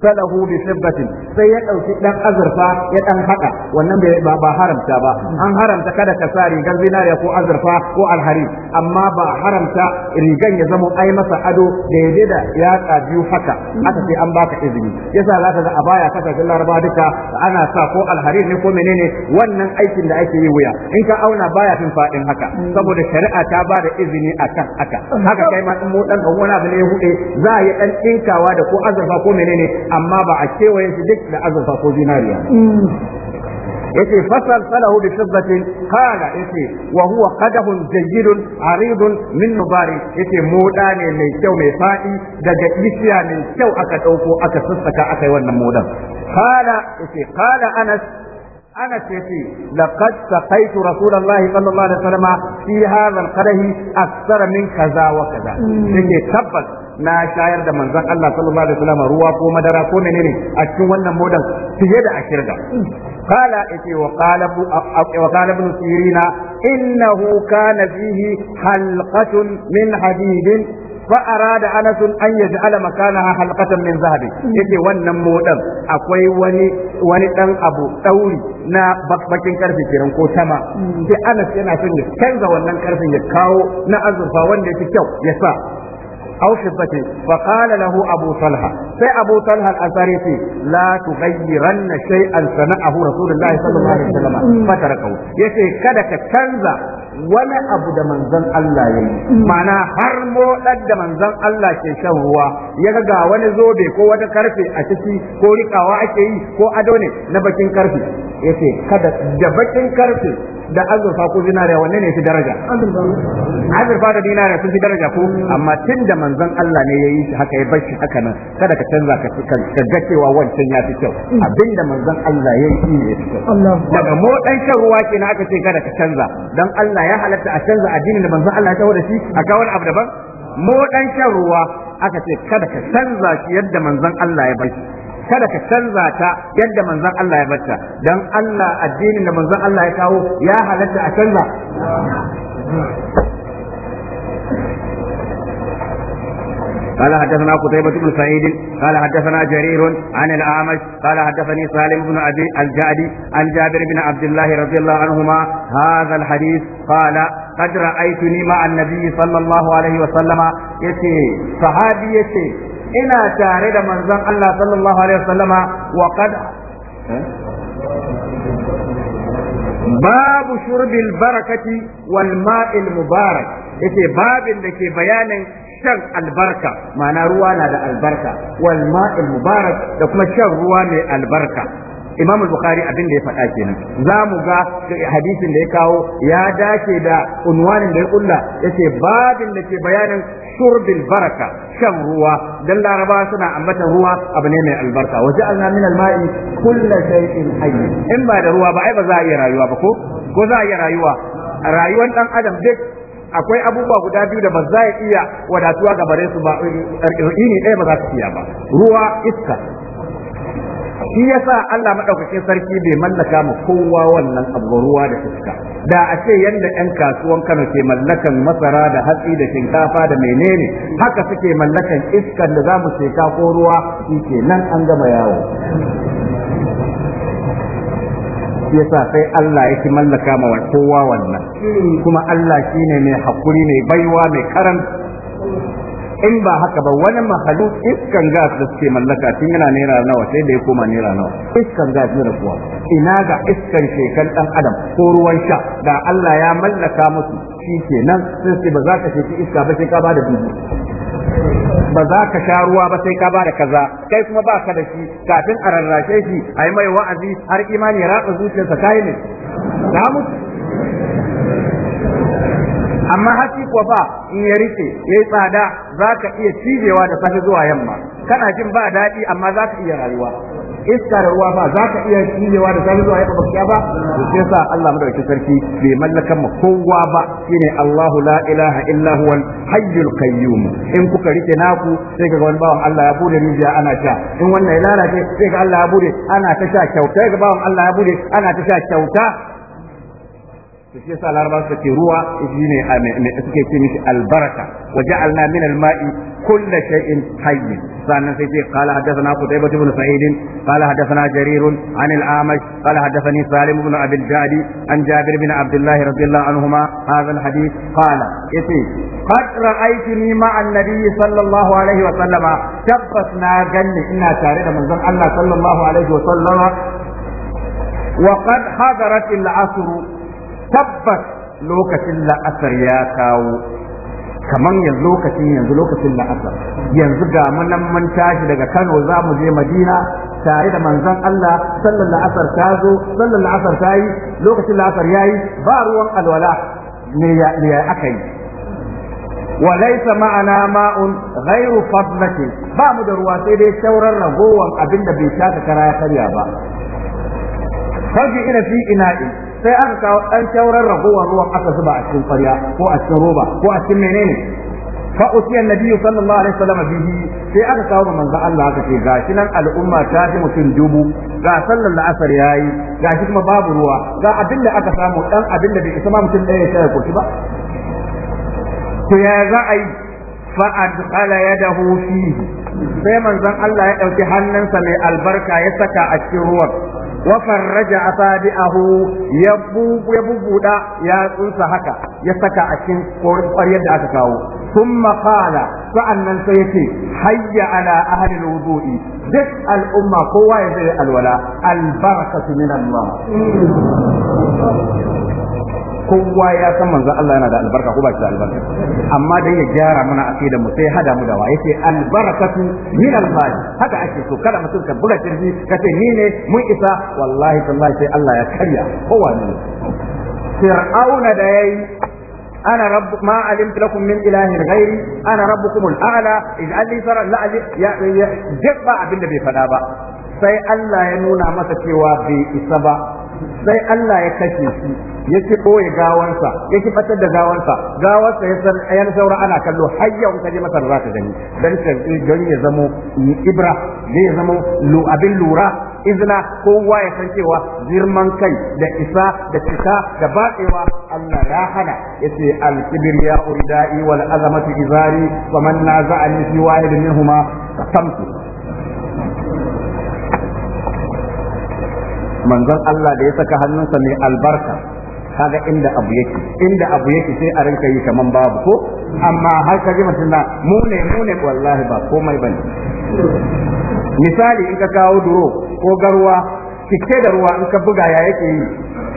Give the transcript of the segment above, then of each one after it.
falahu bi fiddatin sai ya dauki ɗan azurfa ya ɗan hada wannan ba ba haramta ba an haramta kada ka sa rigar zinariya ko azurfa ko alhari amma ba haramta rigan ya zama ai masa ado da yaje da ya biyu haka haka sai an baka izini yasa zaka za a baya kasa kasashen laraba duka ana sa ko alhari ne ko menene wannan aikin da ake yi wuya in ka auna baya fin fadin haka saboda shari'a ta ba da izini akan haka haka kai ma in mu dan wani abu ne ya hude za a yi dan dinkawa da ko azurfa ko menene amma ba a kewaye shi duk da azurfa ko zinariya yace fasal salahu bi fiddatin qala yace wa huwa qadahun jayyidun aridun min nubari yace moda ne mai kyau mai fadi daga isiya mai kyau aka dauko aka sassaka aka yi wannan modan qala yace qala anas ce سيتي لقد سقيت رسول sallallahu alaihi الله عليه وسلم في هذا القره min kaza wa kaza. لكي mm. tabbas na shayar da manzon Allah sallallahu alaihi wasallam ruwa ko madara ko menene a cikin wannan modan fiye da a da qala mm. yace wa qala wa qala ibn sirina innahu kana fihi min fa da anas an yaj'ala makanaha halqatan min zahabi yace wannan modan akwai wani wani dan abu dauri na baƙin karfe kiran ko sama hmm. sai anas yana son ya canza wannan karfin ya kawo na azurfa wanda yake kyau ya sa أو شبته فقال له أبو طلحة في أبو طلحة الأثري لا تغيرن شيئا صنعه رسول الله صلى الله عليه وسلم فتركه يتي كدك كنزة wani abu da manzan Allah ya yi mana har moɗar da manzan Allah ke shan ruwa ya ga wani zobe ko wata karfe a ciki ko rikawa ake yi ko ado ne na bakin karfe ce kada da bakin karfe da azurfa ko zinariya wanne ne fi daraja azurfa da dinariya sun fi daraja ko amma tun da manzon Allah ne yayi shi haka ya bar shi haka nan kada ka canza ka ga cewa wancan ya fi kyau abinda manzon Allah ya yi ne fi kyau daga mu dan shan ruwa kenan aka ce kada ka canza dan Allah ya halatta a canza addinin da manzon Allah ya tawo da shi a kawo abu daban mu dan shan ruwa aka ce kada ka canza shi yadda manzon Allah ya bar shi kada ka canza ta yadda manzon Allah ya bata dan Allah addinin da manzon Allah ya kawo ya halatta a canza قال حدثنا قتيبة بن سعيد قال حدثنا جرير عن الأعمش قال حدثني سالم بن أبي الجعدي عن جابر بن عبد الله رضي الله عنهما هذا الحديث قال قد رأيتني مع النبي صلى الله عليه وسلم يتي صحابي يتي ina tare da manzon Allah sallallahu alaihi wasallama wa qad babu shurbil barakati wal ma'il mubarak yace babin da ke bayanin shan albarka ma'ana ruwa na da albarka wal ma'il mubarak da kuma shan ruwa mai albarka imam bukhari abin da ya faɗa kenan za mu ga hadisin da ya kawo ya dace da unwanin da ya kulla yace babin da ke bayanin shurbil baraka shan ruwa dan laraba suna ambatan ruwa abu ne mai albarka waje ja'alna min alma'i mai kullu shay'in hayy in ba da ruwa ba ai ba za a iya rayuwa ba ko ko za a iya rayuwa rayuwar dan adam duk akwai abubuwa guda biyu da ba za iya wadatuwa ga bare su ba ɗaya ba za su iya ba ruwa iska shi yasa Allah madaukakin sarki bai mallaka ma kowa wannan abu ruwa da fuska da a ce yadda yan kasuwan Kano ke mallakan masara da hatsi da shinkafa da menene haka suke mallakan iskan da za mu sheka ko ruwa shi nan an gama yawo shi yasa sai Allah yake mallaka ma kowa wannan kuma Allah shine mai hakuri mai baiwa mai karanta in ba haka ba wani mahalu iskan gas da suke mallaka tun yana naira nawa sai da ya koma naira nawa iskan gas ne kuwa ina ga iskan shekan dan adam ko ruwan sha da Allah ya mallaka musu shi kenan sai sai ba za ka shi iska ba sai ka ba da dubu ba za ka sha ruwa ba sai ka ba da kaza kai kuma ba ka da shi kafin a rarrashe shi a yi mai wa'azi har imani ya ratsa zuciyarsa kai ne da amma hatsi kuwa fa in ya rike ya yi tsada za ka iya cijewa da safe zuwa yamma kana jin ba daɗi amma za ka iya rayuwa iska da ruwa ba za ka iya cijewa da safe zuwa yamma bakiya ba to sai sa Allah madaukakin sarki bai mallakan mu kowa ba shine Allahu la ilaha illa wal hayyul qayyum in kuka rike naku sai ka ga wani bawan Allah ya bude rijiya ana sha in wannan ya lalace sai ga Allah ya bude ana ta sha kyauta ga bawan Allah ya bude ana ta sha kyauta shi yasa laraba suka ce ruwa shine mai suke ce mishi albaraka wa ja'alna min al-ma'i kull shay'in hayy sannan sai ce qala hadathana qutaybah ibn sa'id qala hadathana jarir an al-amash qala hadathani salim ibn abi al-jadi an jabir ibn abdullah radiyallahu anhuma hadha al-hadith qala yace qad ra'aytuni ma an-nabi sallallahu alaihi wa sallama tabbas na ganni ina tare da manzon Allah sallallahu alaihi wa sallama وقد حضرت العصر tabbas lokacin la'asar ya kawo kamar yanzu lokacin yanzu lokacin la'asar yanzu ga mun tashi daga Kano za mu je Madina tare da manzon Allah sallallahu la'asar ta zo sallallahu la'asar ta yi lokacin la'asar yayi ba ruwan alwala ne ya aka yi wa laysa ma'ana ma'un ghairu fadlati ba mu da ruwa sai dai shauran ragowar abinda bai taka kara ya karya ba faji ina fi sai aka kawo ɗan kyauran ragowar ruwan aka zuba a cikin kwarya ko a cikin roba ko a cikin menene fa utiya nabiyyu sallallahu alaihi wasallam bihi sai aka kawo ga manzo Allah aka ce gashi nan al'umma ta ji mutum dubu ga sallar la'asar yayi gashi kuma babu ruwa ga abin da aka samu dan abin da bai isa ma mutum ɗaya ya kurci ba to ya za a yi fa adkhala yadahu fihi sai manzon Allah ya dauki hannunsa mai albarka ya saka a cikin ruwan wa farraja asabi'ahu ya bubu ya bubuda ya tsunsa haka ya saka a cikin ƙwaryar da aka kawo thumma qala sa'annan sai yace hayya ala ahli alwudu'i duk al'umma kowa ya zai alwala albarakatu min Allah kowa ya san manzon Allah yana da albarka ko ba shi da albarka amma dai ya gyara mana aqida mu sai hada mu da wa yace albarakatu min almali haka ake so kada mutum ka buga jirgi ka ce ni ne mun isa wallahi tallahi sai Allah ya karya kowa ne fir'auna da yayi أنا رب ما علمت لكم من إله غيري أنا ربكم الأعلى اجعل لي سرا لا جبا بالنبي فلا با sai Allah ya nuna masa cewa bai isa ba sai Allah ya kashe shi ya ci ɓoye gawarsa ya ci batar da gawarsa gawarsa ya san ayan saura ana kallo har yau ka je masar za ka gani dan eh, don ya zamo ibra ne ya zamo abin lura izina kowa ya san cewa girman kai da isa da cika da batsewa Allah ya hana yace al ya urdai wal azamatu izari man naza'ani fi wahid minhumma qasamtu manzon Allah da ya saka hannunsa mai albarka kaga inda abu yake inda abu yake sai a rinka yi kaman babu ko amma har ka ji mutum na mu ne mu ne wallahi ba komai bane misali in ka kawo duro ko garwa kike da ruwa in ka buga ya yake yi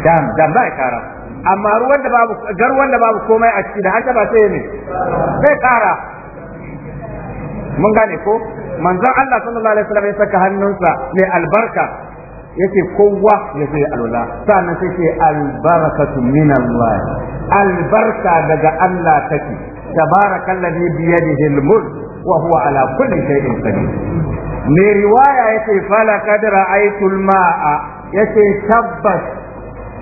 dan dan ba kara amma ruwan da babu garwan da babu komai a ciki da haka ba sai ne sai kara mun gane ko manzon Allah sallallahu alaihi wasallam ya saka hannunsa mai albarka yace kowa ya zai alwala sannan sai ce albarakatu min Allah albarka daga Allah take tabarakallazi bi yadihi almulk wa huwa ala kulli shay'in qadir me riwaya yace fala qad ra'aytu alma'a yace tabbas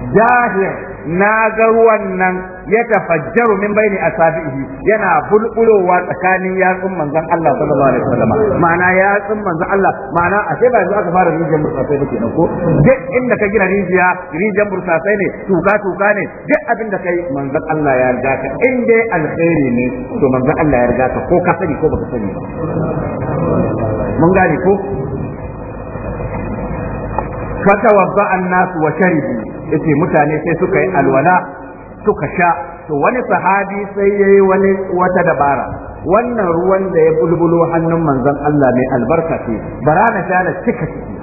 jahir na ga ruwan nan ya tafajjaru min bayni asabihi yana bulbulowa tsakanin yatsun manzon Allah sallallahu alaihi wasallam ma'ana yatsun manzon Allah ma'ana a sai ba yanzu aka fara rijiyar burtsasai ba kenan ko duk inda ka gina rijiya rijiyar burtsasai ne tuka tuka ne duk abin da kai manzon Allah ya riga ka in dai alkhairi ne to manzon Allah ya riga ka ko ka sani ko baka sani ba mun gane ko annasu wa وشربوا yace mutane sai suka yi alwala suka sha to wani sahabi sai yayi wani wata dabara wannan ruwan da ya bulbulo hannun manzon Allah mai albarka ce bara na sha na cika ciki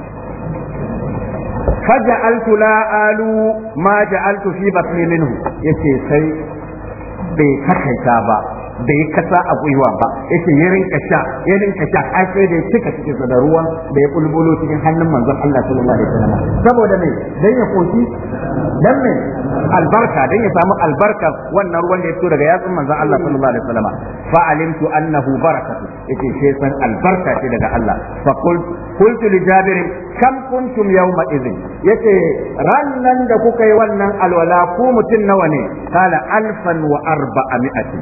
faja'altu la alu ma ja'altu fi batni minhu yace sai bai kakaita ba da ya kasa a gwiwa ba yace ya rinka sha ya rinka sha ai sai da ya cika cikin sa da ruwan da ya bulbulo cikin hannun manzon Allah sallallahu alaihi wasallam saboda me dan ya koshi dan me albarka dan ya samu albarka wannan ruwan da ya fito daga yatsun manzon Allah sallallahu alaihi wasallam fa alimtu annahu barakatu yace sai san albarka ce daga Allah fa qultu qultu li jabir kam kuntum yawma idhin yace rannan da kuka yi wannan alwala ku mutun nawa ne kala alfan wa arba'a mi'ati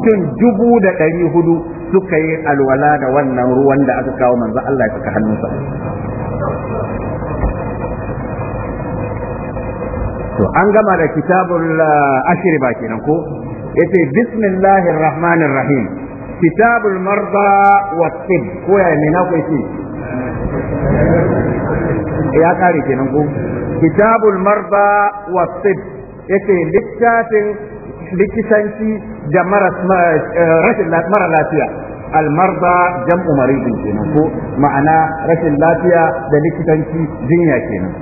mutum dubu da ɗari hudu suka yi alwala da wannan ruwan da aka kawo manzo Allah ya saka hannunsa to an gama da kitabun uh, ashiri ba kenan ko yace bismillahir rahmanir rahim kitabul marda wa tib ko ya ne na kai ya kare kenan ko kitabul marda wa tib yace littafin likitanci da eh, rashin mara lafiya almarba jam'u maridin kenan ko ma'ana rashin lafiya da likitanci jinya kenan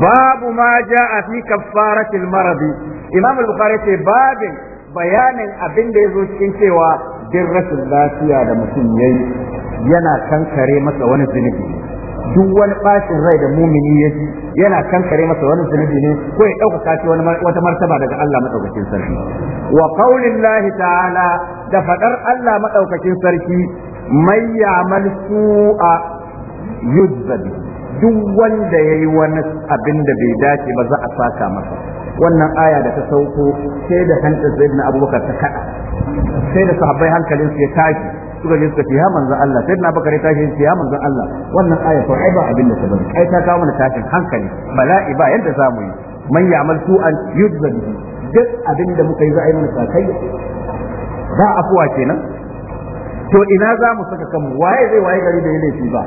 babu ma ja a fi kaffaratil maradi imam al-bukhari ce babin bayanin abin da yazo cikin cewa din rashin lafiya da mutum yayi yana kankare masa wani zunubi duk wani bacin rai da mumini ya ji yana kankare masa wani zunubi ne ko ya ɗaukaka shi wani wata martaba daga Allah madaukakin sarki wa ta ta'ala da fadar Allah madaukakin sarki mai ya'mal su'a yujza duk wanda yayi wani abin da bai dace ba za a saka masa wannan aya da ta sauko sai da hanta zaid na abubakar ta kada sai da sahabbai hankalin su ya tashi suka je suka ce ya manzon Allah sai na bakare ta ce ya manzon Allah wannan aya to ai ba abin da ta bari ai ta kawo mana tashin hankali bala'i ba yadda zamu yi man ya'mal su'an yujza bihi duk abin da muka yi za a yi mana sakai ba afuwa kenan to ina za mu saka kanmu waye zai waye gari da ya laifi ba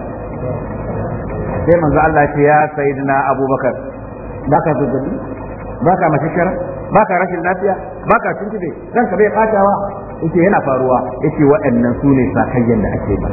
sai manzo Allah ce ya sayyidina Abubakar baka zazzabi baka mashishara baka rashin lafiya baka tuntube ranka bai fatawa yake yana faruwa yake waɗannan su ne sakayyan da ake ba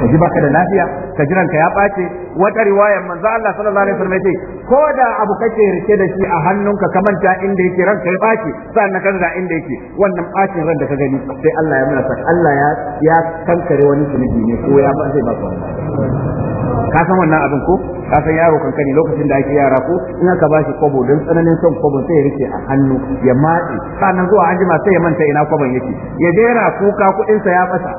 ka ji baka da lafiya ka jiran ka ya ɓace wata riwayar manzo Allah sallallahu alaihi wasallam yace ko da abu kake rike da shi a hannunka ka manta inda yake ranka ya ɓace sannan ka da inda yake wannan ɓacin ran da ka gani sai Allah ya muna Allah ya ya kankare wani zunubi ne ko ya ba zai ba ka san wannan abin ko ka san yaro kankani lokacin da ake yara ko ina ka bashi shi kwabo don tsananin son kwabon sai ya rike a hannu ya matse sannan zuwa an jima sai ya manta ina kwabon yake ya jera kuka kuɗinsa ya fasa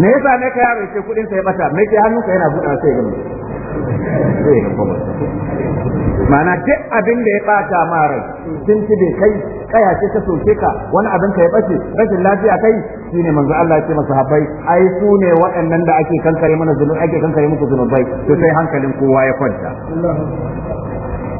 me yasa ne ka yaro ce sa ya bata me ke hannunka yana buɗa sai ya gama ma'ana duk abin da ya bata ma rai sun ci bai kai kaya ce ta soke ka wani abin ka ya bace rashin lafiya kai shine manzo Allah ya ce habai ai su ne waɗannan da ake kankare mana zunubi ake kankare muku zunubai to sai hankalin kowa ya kwanta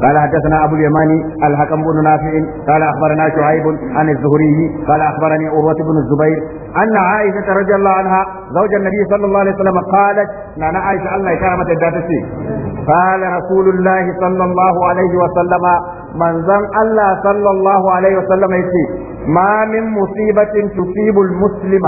قال حدثنا أبو اليماني الحكم بن نافع قال أخبرنا شعيب عن الزهري قال أخبرني عروة بن الزبير أن عائشة رضي الله عنها زوج النبي صلى الله عليه وسلم قالت نانا عائشة الله كرمت الداتسي قال رسول الله صلى الله عليه وسلم من زم الله صلى الله عليه وسلم يسي ما من مصيبة تصيب المسلم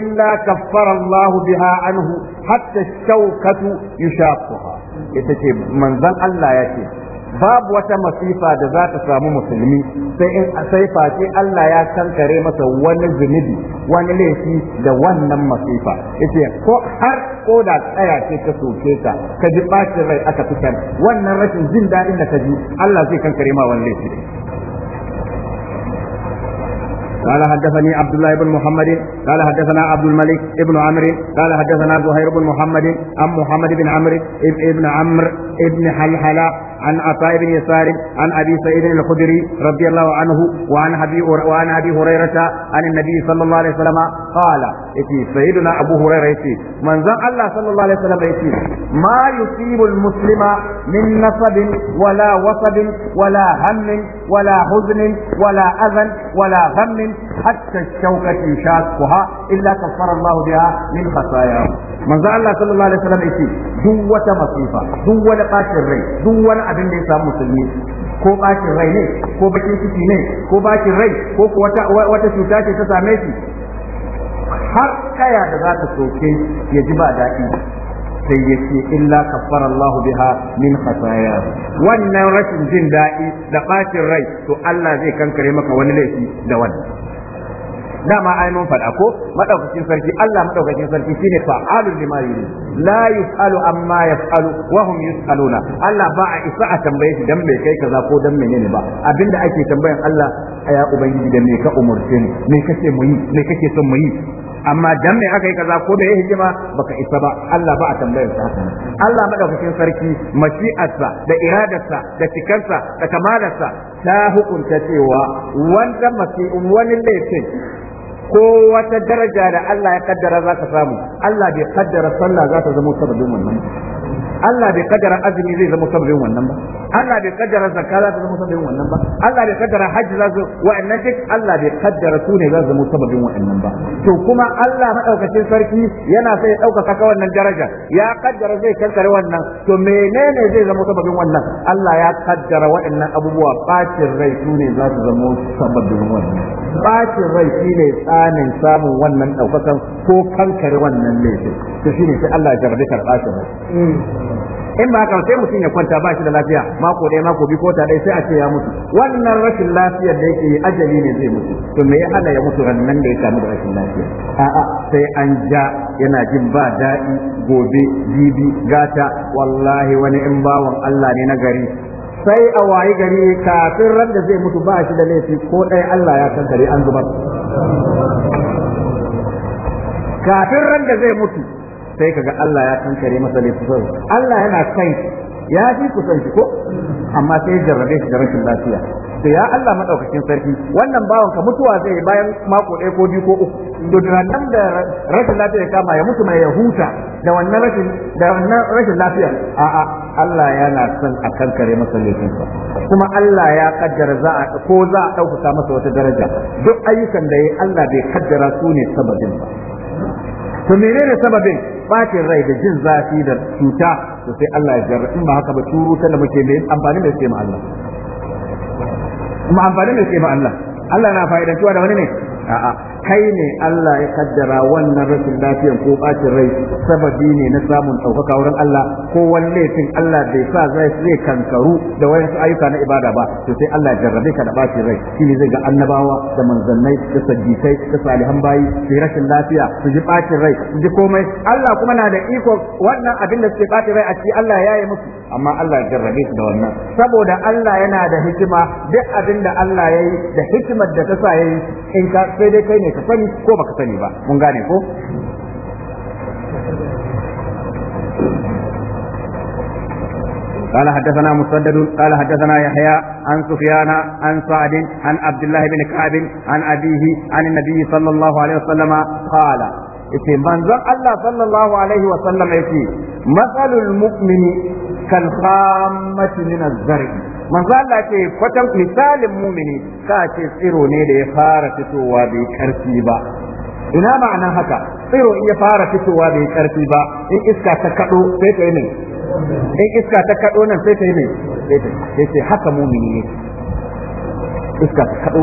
إلا كفر الله بها عنه حتى الشوكة يشاقها يتشي من زم الله يسي babu wata masifa da za ta samu musulmi sai in sai face Allah ya kankare masa wani zunubi wani laifi da wannan masifa yace ko har ko da tsaya ce ka soke ta ka ji bacin rai aka fita wannan rashin jin daɗin da ka ji Allah zai kankare ma wani laifi قال حدثني عبد الله بن محمد قال حدثنا عبد الملك بن عمرو قال حدثنا زهير بن محمد عن محمد بن عمرو ابن عمرو ابن حلحلة عن عطاء بن يسار عن أبي سعيد الخدري رضي الله عنه وعن أبي وعن أبي هريرة عن النبي صلى الله عليه وسلم قال إتي سيدنا أبو هريرة إتي من زن الله صلى الله عليه وسلم إتي ما يصيب المسلم من نصب ولا وصب ولا هم ولا حزن ولا أذى ولا غم حتى الشوكة يشاكها إلا كفر الله بها من خطاياه من زن الله صلى الله عليه وسلم إتي duk wata masifa duk wani bashin rai duk wani abin da ya samu musulmi ko bashin rai ne ko bakin ciki ne ko bashin rai ko wata cuta ce ta same shi har kaya da za ta soke ya ji ba daɗi sai ya ce illa kafara Allah biha min khataya wannan rashin jin daɗi da bashin rai to Allah zai kankare maka wani laifi da wannan dama ai mun faɗa ko madaukakin sarki Allah madaukakin sarki shine fa'alu lima yuri la yusalu amma yasalu wa hum yusaluna Allah ba a isa a tambaye shi dan me kai kaza ko dan menene ba abinda ake tambayan Allah ya ubangiji da me ka umurce ni me kake mu me kake son mu yi amma dan me aka yi kaza ko da ya Ba baka isa ba Allah ba a tambayar sa haka Allah madaukakin sarki mashi'arsa da iradarsa da cikarsa da kamalarsa ta hukunta cewa wanda mafi wani laifin ko wata daraja da Allah ya kaddara za ka samu Allah bai kaddara sallah za ta zama sababin wannan Allah bai kaddara azumi zai zama sababin wannan ba Allah bai kaddara zakka za ta zama sababin wannan ba Allah bai kaddara hajji za su wa'annan duk Allah bai kaddara su ne za su zama sababin wa'annan ba to kuma Allah madaukakin sarki yana sai ya dauka ka wannan daraja ya kaddara zai kankare wannan to menene zai zama sababin wannan Allah ya kaddara wa'annan abubuwa bacin rai su ne za su zama sababin wannan bacin rai shine tsanin samun wannan daukakan ko kankare wannan laifin to shine sai Allah ya jarabe karɓa shi in ba haka sai mutum ya kwanta ba shi da lafiya mako ɗaya mako biyu ko ta ɗaya sai a ce ya mutu wannan rashin lafiyar da yake ajali ne zai mutu to me ya hana ya mutu nan da ya samu da rashin lafiya a'a sai an ja yana jin ba daɗi gobe bibi, gata wallahi wani in bawan Allah ne na gari sai a wayi gari kafin ran da zai mutu ba shi da laifi ko ɗaya Allah ya san gari an zubar kafin ran da zai mutu sai kaga Allah ya kankare masa laifin Allah yana son ya fi ku san shi ko amma sai jarrabe shi da rashin lafiya to ya Allah madaukakin sarki wannan bawan ka mutuwa zai bayan mako ɗaya ko biyu ko uku to nan da rashin lafiya kama ya mutu mai ya huta da wannan rashin da wannan rashin lafiya a a Allah yana son a kankare masa sa. kuma Allah ya kaddara za a ko za a dauka masa wata daraja duk ayyukan da yayi Allah bai kaddara su ne sababin ba to menene sababin bacin rai da jin zafi da cuta to sai Allah ya jarra in ba haka ba turu da muke mai amfani mai sai ma Allah kuma amfani mai sai ma Allah Allah na fa'idantuwa da wani ne a'a kai ne Allah ya kaddara wannan rashin lafiyar ko bacin rai sababi ne na samun ɗaukaka wurin Allah ko wani laifin Allah bai sa zai zai kankaru da wani ayyuka na ibada ba to sai Allah jarrabe ka da bacin rai shine zai ga annabawa da manzannai da saddikai da salihan bayi su rashin lafiya su ji bacin rai su ji komai Allah kuma na da iko wannan abin da suke bacin rai a ciki Allah ya yi musu amma Allah ya jarrabe su da wannan saboda Allah yana da hikima duk abin da Allah ya yi da hikimar da ta sa ya yi in ka sai dai kai ne ka sani ko baka sani ba mun gane ko قال حدثنا مسدد قال حدثنا يحيى عن سفيان عن سعد عن عبد الله بن كعب عن أبيه عن النبي صلى الله عليه وسلم قال إتي منزل الله صلى الله عليه وسلم يتي مثل المؤمن kalhammati min azzari manzo Allah ce kwatan misalin mumini ka ce tsiro ne da ya fara fitowa bai karfi ba ina ma'ana haka tsiro in ya fara fitowa bai karfi ba in iska ta kado sai ta yi ne in iska ta kado nan sai ta yi ne sai ta haka mumini ne iska ta kado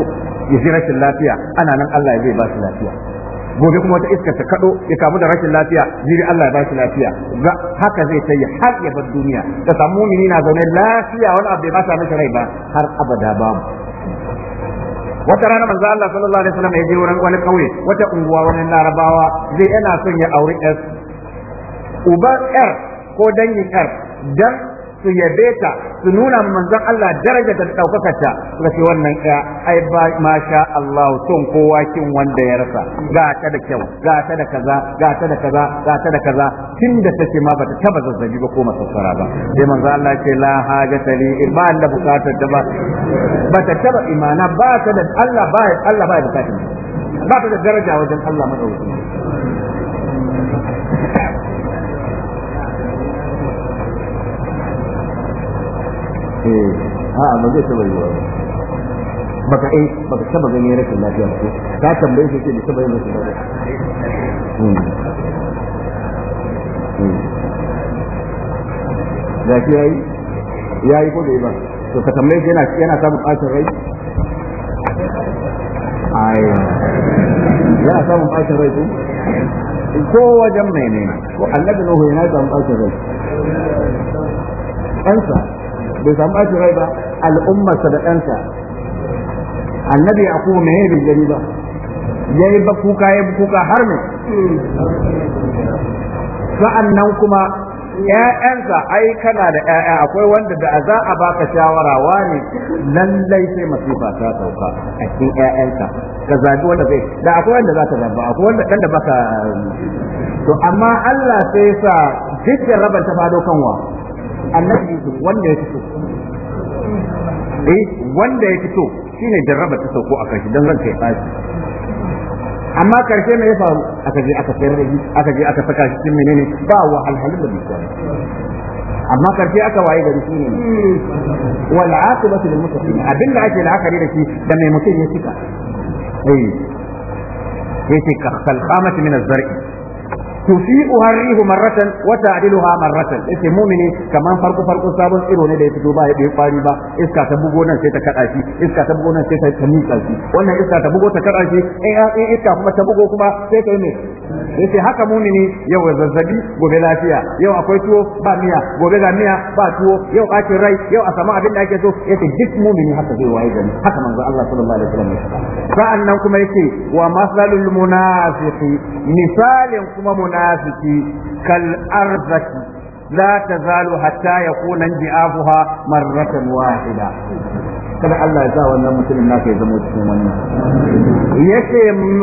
ya ji rashin lafiya ana nan Allah zai ba shi lafiya gobe kuma wata iskar ta kado ya kamu da rashin lafiya jiri Allah ya bashi lafiya ga haka zai tayi har ya bar duniya ka samu mumini na zaune lafiya wani abu bai bata masa rai ba har abada babu wata rana manzo Allah sallallahu alaihi wasallam ya je wurin wani kauye wata unguwa wani larabawa zai yana son ya auri S, uban yar ko dangin yar dan su yabe ta su nuna manzon Allah daraja ta daukaka ta suka ce wannan ya ai ba masha Allah son kowa kin wanda ya rasa ga ta da kyau ga ta da kaza ga ta da kaza ga ta da kaza da take ma bata taba zazzabi ba ko masassara ba sai manzon Allah ce la ta li ba da bukatar ta ba bata taba imana ba ta da Allah ba Allah ba bukatar ba ta da daraja wajen Allah madauki eh a'a ba zai taba yiwa baka eh baka taba ganin rashin lafiya ko Ta tambaye shi ce da taba yin rashin lafiya da hmm. hmm. shi yayi yayi ko da ba to ka tambaye shi yana yana samun bacin rai ai yana samun bacin rai ko ko wajen menene ko annabi nuhu yana samun bacin rai kansa bai samu bacin rai ba al'ummarsa da ɗansa annabi a kuma mai bai gani ba ya yi ba kuka ya yi kuka har ne sa'an nan kuma ‘ya'yansa ai kana da ‘ya'ya akwai wanda da za a baka shawara wani lallai sai masifa ta sauka a cikin ‘ya'yanka ka zaɓi wanda zai da akwai wanda za ta zaɓa akwai wanda ɗan da baka to amma Allah sai sa dukkan rabar ta fado kanwa annabi Yusuf wanda ya fito eh wanda ya fito shi ne jarraba ta sauko a kashi dan ranka ya fashi amma karshe mai ya faru aka je aka sayar da shi aka je aka saka shi cikin menene ba wa alhalin da bai amma karshe aka waye gari shine wal aqibatu lil muttaqin abinda ake la'akari da shi da mai mutum ya cika eh yace kal khamati min az-zar'i tufi'uha rihu marratan wa ta'diluha marratan yace mu'mini kaman farko farko sabon tsiro ne da ya fito ba ya bai fari ba iska ta bugo nan sai ta kada shi iska ta bugo nan sai ta kamika shi wannan iska ta bugo ta kada shi eh iska kuma ta bugo kuma sai ta ne yace haka mu'mini yau zazzabi gobe lafiya yau akwai tuwo ba miya gobe ga miya ba tuwo yau ake rai yau a samu abin da ake so yace duk mu'mini haka zai waye gani haka manzo Allah sallallahu alaihi wasallam ya faɗa sa'annan kuma yace wa masalul munafiqi misalin kuma المنافق كالأرزك لا تزال حتى يكون انجعافها مرة واحدة kada Allah ya sa wannan mutumin naka ya zama cikin wannan yace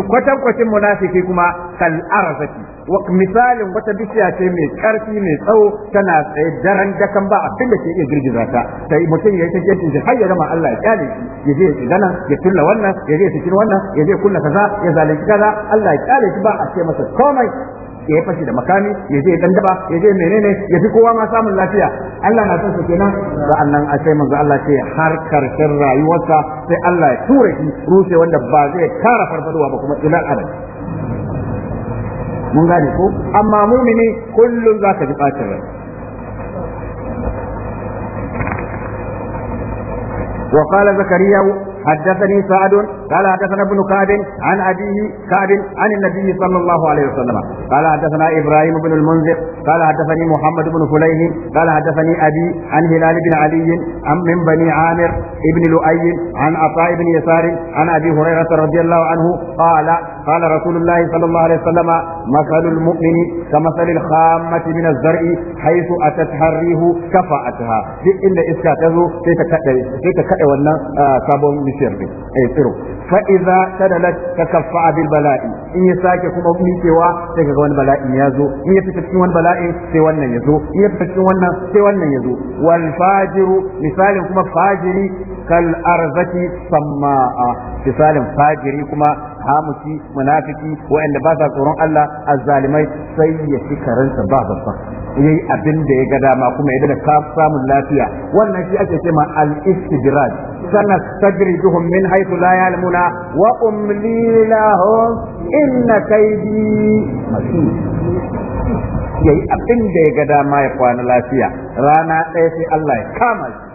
kwatan kwacin munafiki kuma kal arzaki wa misalin wata bishiya ce mai karfi mai tsawo tana tsaye daren dakan ba abin da ke iya girgiza ta sai mutum ya yi ta kencin shi har ya gama Allah ya kyale shi ya je ya shiga nan ya tulla wannan ya je ya cikin wannan ya je kulla kaza ya zalunci kaza Allah ya kyale shi ba a ce masa komai ya yi fashi da makami ya je dan daba ya je menene ya fi kowa ma samun lafiya Allah na son su kenan sa'annan a sai manzo Allah ce har karshen rayuwarsa sai Allah ya tura shi rushe wanda ba zai kara farfadowa ba kuma ila abada mun gane ko amma mumini kullum za ka ji bacin rai وقال زكريا حدثني سعد قال حدثنا ابن كعب عن أبيه كعب عن النبي صلى الله عليه وسلم قال حدثنا إبراهيم بن المنذر قال حدثني محمد بن فليه قال حدثني أبي عن هلال بن علي عن من بني عامر ابن لؤي عن عطاء بن يسار عن أبي هريرة رضي الله عنه قال قال رسول الله صلى الله عليه وسلم مثل المؤمن كمثل الخامة من الزرع حيث أتت حريه كفأتها في إن إسكا تزو سيتكأ wannan sabon bishiyar din eh tsiro fa idza tadalat takaffa bil bala'i in ya sake kuma mikewa sai kaga wani bala'in ya zo in ya fita cikin wani bala'in sai wannan ya zo in ya fita cikin wannan sai wannan ya zo wal fajiru misalin kuma fajiri kal arzati samma'a misalin fajiri kuma hamuci munafiki wa'anda ba sa tsoron Allah azzalimai sai ya ci karansa ba babba yayi abin da ya ga dama kuma ya da samun lafiya wannan shi ake cewa al-istidraj sanastadrijuhum min haythu la ya'lamuna wa umli lahum inna kaydi matin yayi abin da ya ga dama ya kwana lafiya rana ɗaya sai Allah ya kama shi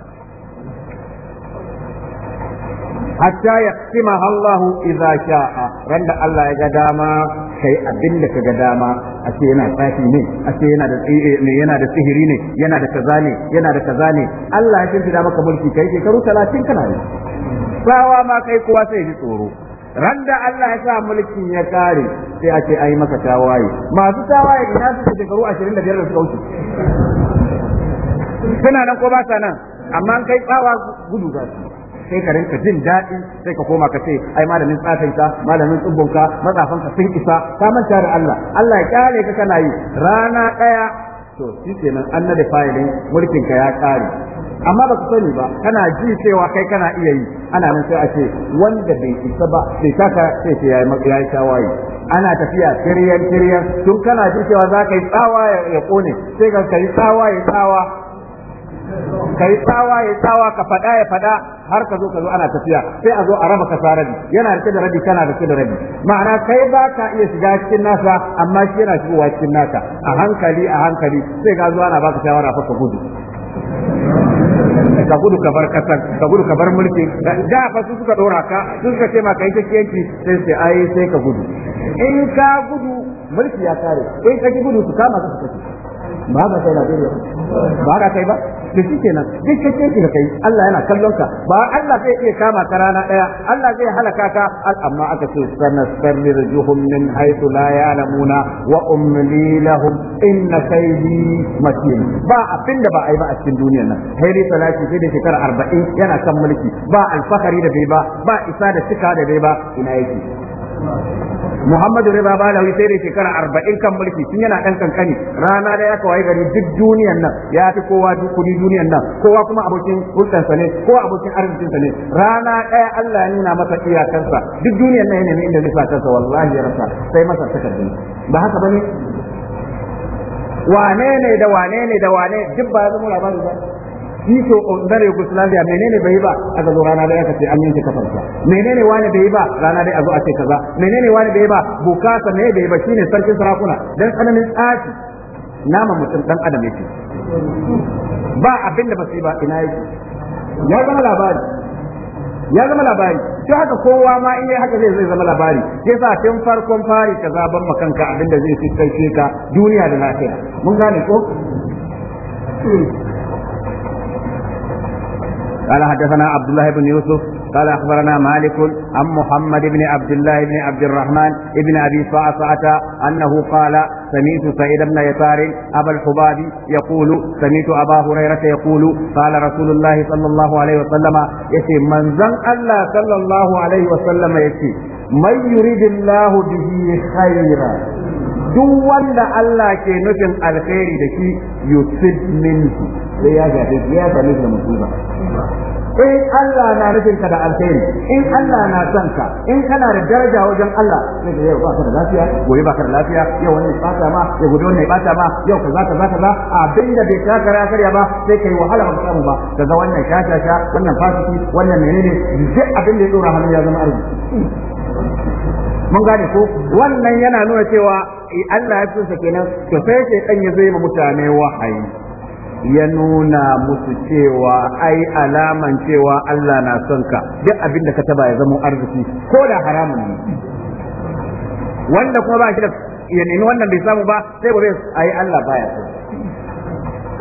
hatta sima Allahu idza sha'a randa Allah ya ga dama kai abin da ga dama a ce yana tsafi ne a ce yana da ne yana da sihiri ne yana da kaza ne yana da kaza ne Allah ya shirya maka mulki kai shekaru 30 kana ne Sawa ma kai kowa sai ji tsoro randa Allah ya sa mulkin ya kare sai a ce ai maka tawaye masu tawaye ina suke shekaru 25 da suka wuce suna nan ko ba sa nan amma kai tsawa gudu za su sai ka rinka jin daɗi sai ka koma ka ce ai malamin tsafinka malamin tsubbunka matsafanka sun isa ka manta da Allah Allah ya kyale ka kana yi rana ɗaya to shi kenan an nade fayilin mulkin ka ya ƙare amma ba ku sani ba kana ji cewa kai kana iya yi ana nan sai a ce wanda bai isa ba sai ka sai ce yayi yayi tawaye ana tafiya kiriyan kiriyan tun kana ji cewa za ka yi tsawa ya kone sai ka yi tsawa ya tsawa kai tsawa ya tsawa ka faɗa ya faɗa har ka zo ka zo ana tafiya sai a zo a raba kasa rabi yana rike da rabi kana rike da rabi ma'ana kai ba ka iya shiga cikin nasa amma shi yana shigowa cikin nasa a hankali a hankali sai ka zo ana baka shawara fa ka gudu ka gudu ka bar kasar ka gudu ka bar mulki da fa su suka dora ka su suka ce ma kai kiyanci sai sai ai sai ka gudu in ka gudu mulki ya kare in ka gudu su kama su kace ba ba sai ba haka kai ba to shi kenan duk kake ki kai Allah yana kallon ka ba Allah zai iya kama ka rana daya Allah zai halaka ka amma aka ce sanastarrijuhum min haythu la ya'lamuna wa umli lahum inna kaydi matin ba abin da ba ai ba a cikin duniyar nan sai dai salati sai da shekara 40 yana kan mulki ba alfahari da bai ba ba isa da cika da bai ba ina yake Muhammadu Riba Balawi sai da shekara arba'in kan mulki tun yana ɗan kankani rana da ya kawai gari duk duniyan nan ya fi kowa kudi duniyan nan kowa kuma abokin hulɗarsa ne kowa abokin arzikinsa ne rana ɗaya Allah ya nuna masa iyakarsa duk duniyan nan ya inda zai sa kansa wallahi ya rasa sai masa takardun ba haka ne? wane ne da wane ne da wane duk ba ya zama labari ba shi to oh, dare Yugoslavia menene bai ba a zo rana da aka ce an yanke kafarsa menene wani bai ba rana dai a zo a ce kaza menene wani bai ba bukasa ne bai ba shine sarkin sarakuna dan tsananin tsafi nama mutum dan adam yake ba abin da ba su yi ba ina yake ya zama labari ya zama labari to haka kowa ma in haka zai zai zama labari sai sa tun farkon fari ka zaban makanka kanka abinda zai fitar ka duniya da lafiya mun gane ko قال حدثنا عبد الله بن يوسف قال أخبرنا مالك عن محمد بن عبد الله بن عبد الرحمن بن أبي صعصعة أنه قال سمعت سعيد بن يسار أبا الحباب يقول سمعت أبا هريرة يقول قال رسول الله صلى الله عليه وسلم يسي من زن الله صلى الله عليه وسلم يسي من يريد الله به خيرا duk wanda Allah ke nufin alkhairi da shi yusib minhu sai ya gaje ya sami da in Allah na nufin ka da alkhairi in Allah na son ka in kana da daraja wajen Allah sai ka yau ba ka da lafiya gobe ba ka da lafiya yau wannan bata ma yau gobe wannan bata ma yau kaza kaza kaza abinda bai taka ya karya ba sai kai wahala ba samu ba kaza wannan sha, wannan fasiki wannan menene duk abin da ya dora hannu ya zama arziki mun gane ko wannan yana nuna cewa Allah ya tsusa kenan to sai dan ya zai ma mutane wahayi ya nuna musu cewa ai alaman cewa Allah na son ka duk abin da ka taba ya zama arziki ko da haramun ne wanda kuma ba shi da ya nemi wannan bai samu ba sai gobe ai Allah baya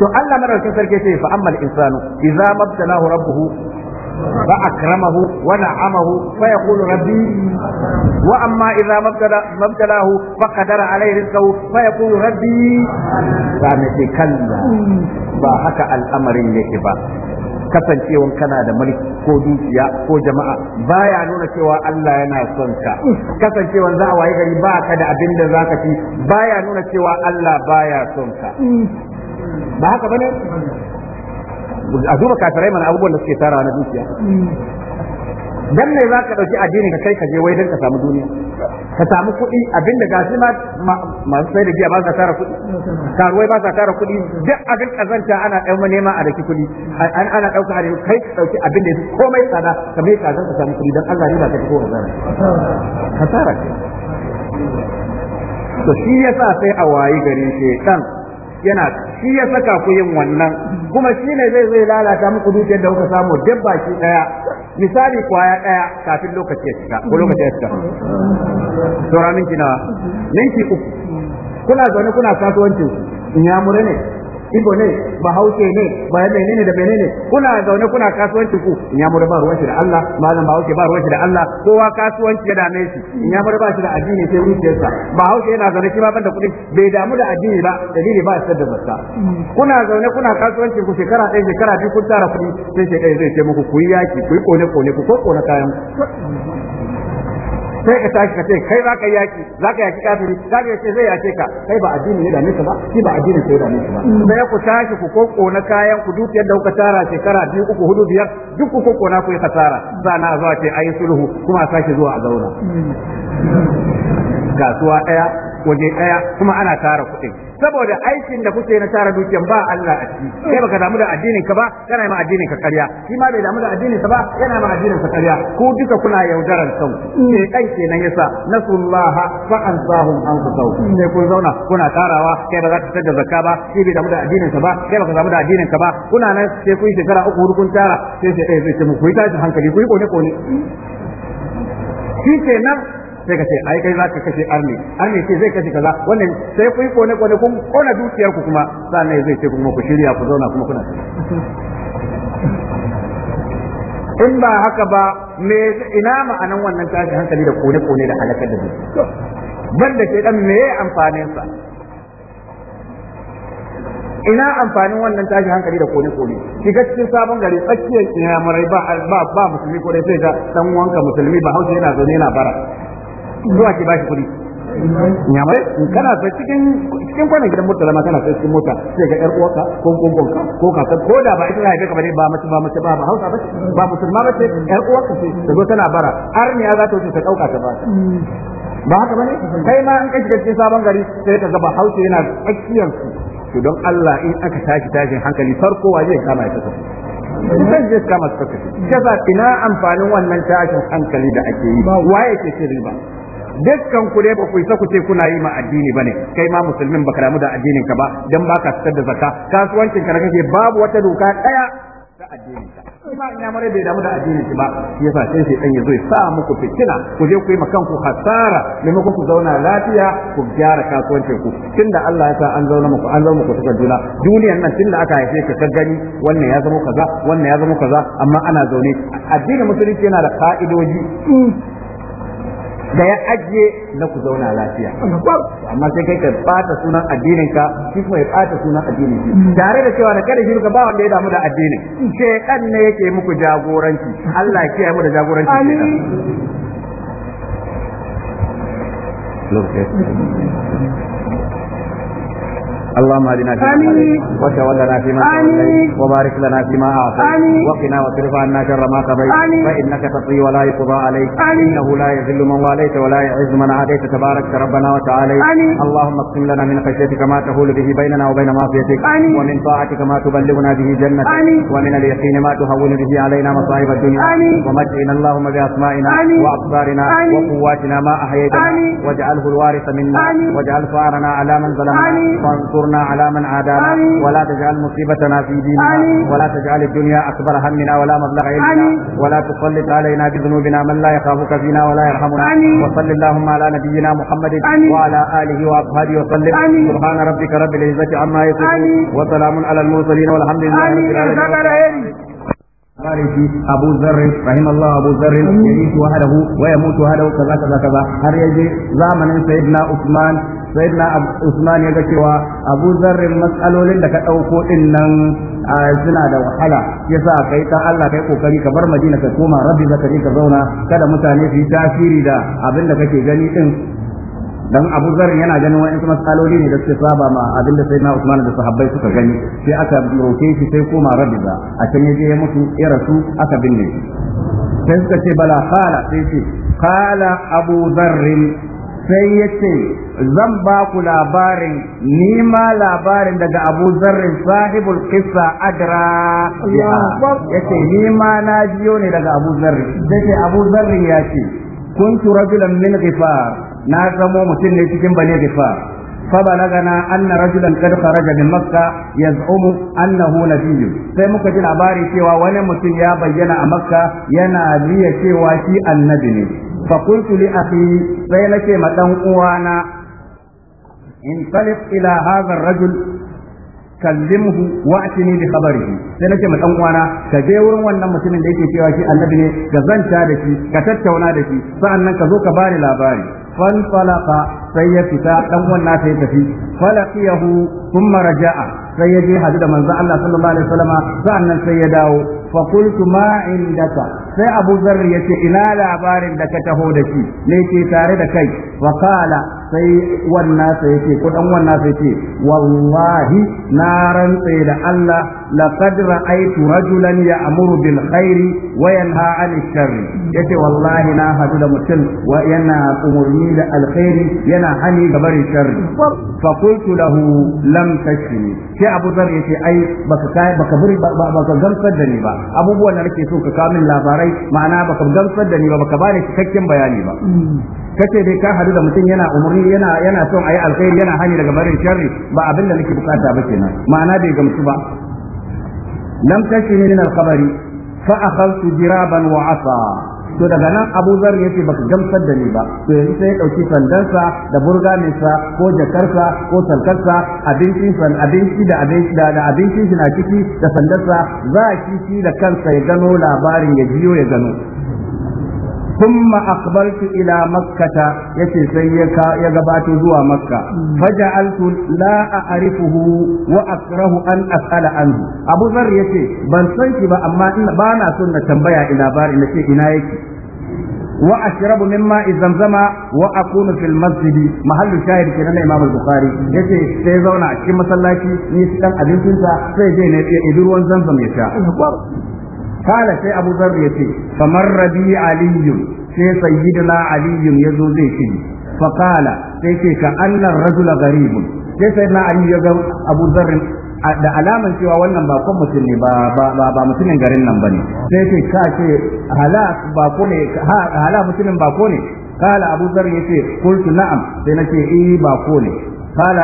so to Allah madaukakin sarki ce fa al insanu idza mabtalahu rabbuhu فأكرمه ونعمه فيقول ربي وأما إذا ما ابتلاه فقدر عليه رزقه فيقول ربي فمثل كلا فهكا الأمر ba kasancewan kana da mulki ko dukiya ko jama'a baya nuna cewa Allah yana son ka kasancewan za a waye gari ba ka da abin da zaka ci baya nuna cewa Allah baya son ka ba haka bane a duba kafirai mana abubuwan da suke tara na dukiya dan me za ka ɗauki addini ka kai ka je wai dan ka samu duniya ka samu kuɗi abinda ga shi ma masu sai da giya ba sa tara kuɗi karuwai ba sa tara kuɗi duk abin kazanta ana ɗauka nema a daki kuɗi an ana ɗauka ne kai ka ɗauki abin da komai tsada ka mai kazan ka samu kuɗi dan Allah ne ba ka ko ka tara ke to shi yasa sai a wayi gari shekan yana shi ya saka ku yin wannan kuma shi ne zai zai lalata muku dukiyar da kuka samu duk baki daya misali kwaya daya kafin lokaci ya cika ko lokaci ya cika saura minki nawa ki uku kuna zaune kuna kasuwancin in ya mure ne ibo ne bahaushe ne ba ne da ne kuna zaune kuna kasuwanci ku in ya mura ba ruwan shi da Allah malam hauke ba ruwan shi da Allah kowa kasuwanci ya dame shi in ya mura ba shi da addini sai zuciyarsa hauke yana zaune shi ba banda kuɗi bai damu da addini ba dalili ba sai da basta kuna zaune kuna kasuwanci ku shekara ɗaya shekara biyu kun tara kuɗi sai shekara zai ce muku ku yi yaki ku yi kone kone ku ko kone kayan sai ka tashi ka ce kai za ka yaki za ka yaki kafiri za ka zai yace ka kai ba addini ne da nisa ba shi ba addini sai da nisa ba sai ku tashi ku na kayan ku duk da kuka tara shekara biyu uku hudu biyar duk ku na ku yi kasara sana zuwa ce ayi sulhu kuma sake zuwa a zauna kasuwa daya waje ɗaya kuma ana tara kuɗin saboda aikin da kuke na tara dukiyan ba Allah a ciki kai baka damu da addinin ka ba kana ma addinin ka ƙarya shi ma bai damu da addinin sa ba yana ma addinin sa ƙarya ku duka kuna yaudaran sau ne kai nan yasa nasullaha fa ku sau. ne ku zauna kuna tarawa kai ba za ka fitar da zakka ba shi bai damu da addinin sa ba kai baka damu da addinin ka ba kuna nan sai yi shekara uku hudu kun tara sai sai zai ce ku yi tashi hankali ku yi kone kone shi kenan sai ka ce ai kai za ka kashe arni arni ce zai kashe kaza wannan sai ku yi kone kone kun kona dukiyar ku kuma sannan zai ce kuma ku shirya ku zauna kuma kuna in ba haka ba me ina ma'anan wannan tashi hankali da kone kone da halakar da zuciya banda ke dan me amfanin sa ina amfanin wannan tashi hankali da kone kone shiga cikin sabon gari tsakiyar inyamurai ba ba ba musulmi ko dai sai ga dan wanka musulmi ba hausa yana zaune yana bara zuwa ke bashi kuɗi nyamai kana sai cikin cikin kwanan gidan mota ma kana sai cikin mota sai ga yar uwarka ko ka ko kaka ko da ba ita ta haife ka bane ba mace ba mace ba ba hausa ba ba musulma ba ce yar uwarka ce ta zo tana bara har ne ya za ta wuce ta dauka ta ba ba haka bane kai ma an ka shiga cikin sabon gari sai ta zaba hausa yana tsakiyar to don Allah in aka tashi tashin hankali farko wa zai kama ya tafi zai je kama su kace kaza ina amfanin wannan tashin hankali da ake yi waye ke shirin ba dukkan ku dai ba ku isa ku ce kuna yi ma addini bane kai ma musulmin baka damu da addinin ka ba dan baka fitar da zakka kasuwancin ka kake babu wata doka daya ta addinin ka ba ina mare bai damu da addinin ki ba shi yasa sai sai dan yazo ya sa muku fitina ku je ku yi makan ku hasara muku ku zauna lafiya ku gyara kasuwancin ku tunda Allah ya sa an zauna muku an zauna muku tukar juna duniyar nan tunda aka haife ka ka gani wannan ya zama kaza wannan ya zama kaza amma ana zaune addinin musulunci yana da fa'idodi. da ya ajiye na ku zauna lafiya amma sai kai ka bata sunan addinin ka shi kuma ya bata sunan addinin shi tare da cewa da kada shi ka ba wanda ya damu da addinin shekan ne yake muku jagoranci Allah ya kiyaye mu da jagoranci amin eh. اللهم اهدنا فيما وتولنا فيما وبارك لنا فيما اعطيت وقنا واصرف عنا شر ما قضيت فانك تقضي ولا يقضى عليك انه لا يذل من واليت ولا يعز من عاديت تبارك ربنا وتعالى اللهم اقسم لنا من خشيتك ما تهول به بيننا وبين معصيتك ومن طاعتك ما تبلغنا به جنتك ومن اليقين ما تهون به علينا مصائب الدنيا ومتعنا اللهم باسمائنا وابصارنا وقواتنا ما احييتنا واجعله الوارث منا واجعل ثارنا على من ظلمنا تنصرنا على من عادانا ولا تجعل مصيبتنا في ديننا ولا تجعل الدنيا أكبر همنا ولا مبلغ علمنا ولا تسلط علينا بذنوبنا من لا يخافك فينا ولا يرحمنا وصل اللهم على نبينا محمد وعلى آله وأصحابه وسلم سبحان ربك رب العزة عما يصفون وسلام على المرسلين والحمد لله رب العالمين ابو ذر رحم الله ابو ذر يعيش وحده ويموت وحده كذا كذا كذا هل يجي زمن سيدنا عثمان na Usman ya ga cewa Abu matsalolin da ka dauko din nan suna da wahala yasa kai ta Allah kai kokari ka bar Madina ka koma Rabbi zaka ka zauna kada mutane su yi tasiri da abin da kake gani din dan Abu yana ganin wa'ansu matsaloli ne da suke saba ma abin da na Usman da sahabbai suka gani sai aka roke shi sai koma ba, a can yaje ya mutu ya rasu aka binne sai suka ce bala qala sai ce qala Abu sai ya ce zan ba ku labarin nima labarin daga abu zarrin sahibul kisa adra ya ce nima na jiyo ne daga abu zarrin da ce abu zarrin ya ce kuntu rajulan min ghifar na zamo mutum ne cikin bane ghifar فبلغنا أن رجلا قد خرج من مكة يزعم أنه نبي sai muka ji labari cewa wani mutum ya bayyana a makka yana biya cewa shi annabi ne fa kuntu li akhi sai nake ma dan uwana in talif ila hadha ar-rajul kallimhu wa atini bi khabarihi sai nake ma dan uwana ka je wurin wannan mutumin da yake cewa shi annabi ne ka zanta da shi ka tattauna da shi sa'annan ka zo ka bani labari fan falaqa sai ya fita dan wannan sai ya tafi falaqiyahu thumma raja'a sai ya je hadu da manzo Allah sallallahu alaihi wasallam sa'annan sai ya dawo fa qultu ma indaka sai abu zarri ya ce ina labarin da ka taho da shi ne ke tare da kai wa kala sai wannan sai ce kudan wannan sai ce wallahi na rantse da Allah laqad ra'aytu rajulan ya'muru bil khairi wa yanha 'anil sharri yace wallahi na hadu da mutum wa yana umurni da alkhairi yana hani ga barin sharri fa qultu lahu lam tashni sai Abu Dharr yace ai baka kai baka gamsar da ba abubuwan da nake so ka kawo min labarai ma'ana baka ka da ni ba baka bani cikakken bayani ba kace dai ka hadu da mutum yana umurni yana yana son ayi alkhairi yana hani daga barin sharri ba abin da nake bukata ba kenan ma'ana bai gamsu ba lam tashi kabari al-khabari fa akhadtu jiraban to daga nan Abu Zar yace baka gamsar da ni ba to yanzu sai ya dauki sandansa da burganinsa ko jakarsa ko salkarsa abincin san abinci da abinci da na ciki da sandarsa za a kici da kansa ya gano labarin ya jiyo ya gano ثم أقبلت إلى مكة يتسيك يقبات زوى مكة فجعلت لا أعرفه وأكره أن أسأل عنه أبو ذر يتي بل سنك أما إن بانا سنة تنبيا إلى بار إلى إنايك وأشرب مما زمزم وأكون في المسجد محل الشاهد كان الإمام البخاري يتي سيزونا كما صلاتي نيسان أبنتنسا سيجين يدرون زمزم يشاء kala sai ابو ذر ya ce kamar rabi سي sai علي aliyu ya zo zai سي fa kala sai غريب ka سيدنا علي يزو sai ذر da alaman cewa wannan ba kon mutum ne ba mutumin garin nan bane sai ce ka ce hala ba ko ne hala mutumin ba ko ne kala abu zar ya ce kultu na'am sai nace eh ba ko ne قال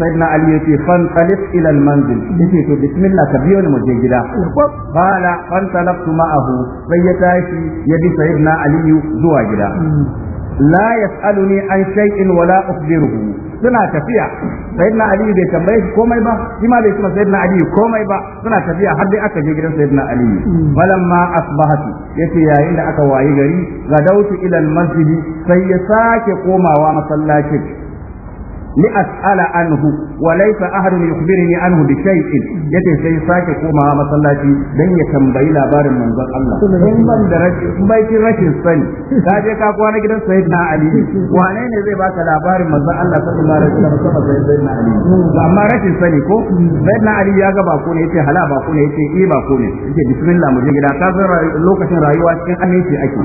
سيدنا علي فانطلق الى المنزل yace to bismillah ka biyo ni mu je gida qala fantalaqtu ma'ahu sai ya tashi ya bi sayyidina zuwa gida la yas'aluni an shay'in wala ukhbiruhu suna tafiya sayyidina Aliyu bai tambaye shi komai ba shi ma bai kuma sayyidina Aliyu komai ba suna tafiya har dai aka je gidan sayyidina ali ma asbahatu yace yayin da aka wayi gari gadautu ila al-masjid sai ya sake komawa masallacin لأسأل عنه وليس أحد يخبرني عنه بشيء يتي سي ساكي كوما مسلاتي دن يتنبئي لابار منظر الله إن من درج بيت رشن سني كاجي كاكوانا كده سيدنا علي وانين زي باك لابار منظر الله صلى الله عليه وسلم صلى سيدنا علي أما رشن سني كو سيدنا علي ياغا باكوني يتي هلا باكوني يتي إي باكوني يتي بسم الله مجي كده كازر لوكشن رايوات كن أميتي أكي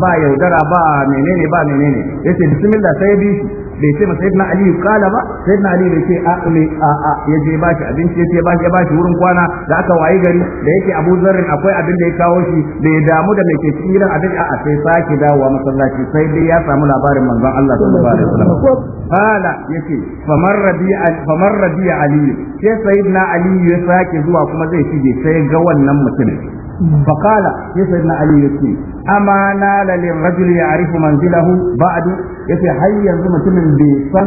با يودرا با منيني با منيني يتي بسم الله سيبيشي bai ce ma sayyidina ali kala ba sayyidina ali bai ce a a a ya je ba shi abinci ya ce ba ya ba shi wurin kwana da aka waye gari da yake Abu Zarrin akwai abin da ya kawo shi bai damu da mai ke cikin gidan abin a a sai sake dawowa masallaci sai dai ya samu labarin manzon Allah sallallahu alaihi wasallam kala yake famar rabi'a famar rabi'a ali sai sayyidina ali ya sake zuwa kuma zai shige sai ga wannan mutumin فقال يا سيدنا علي يكي ya نال للرجل يعرف منزله بعد يكي هيا bai san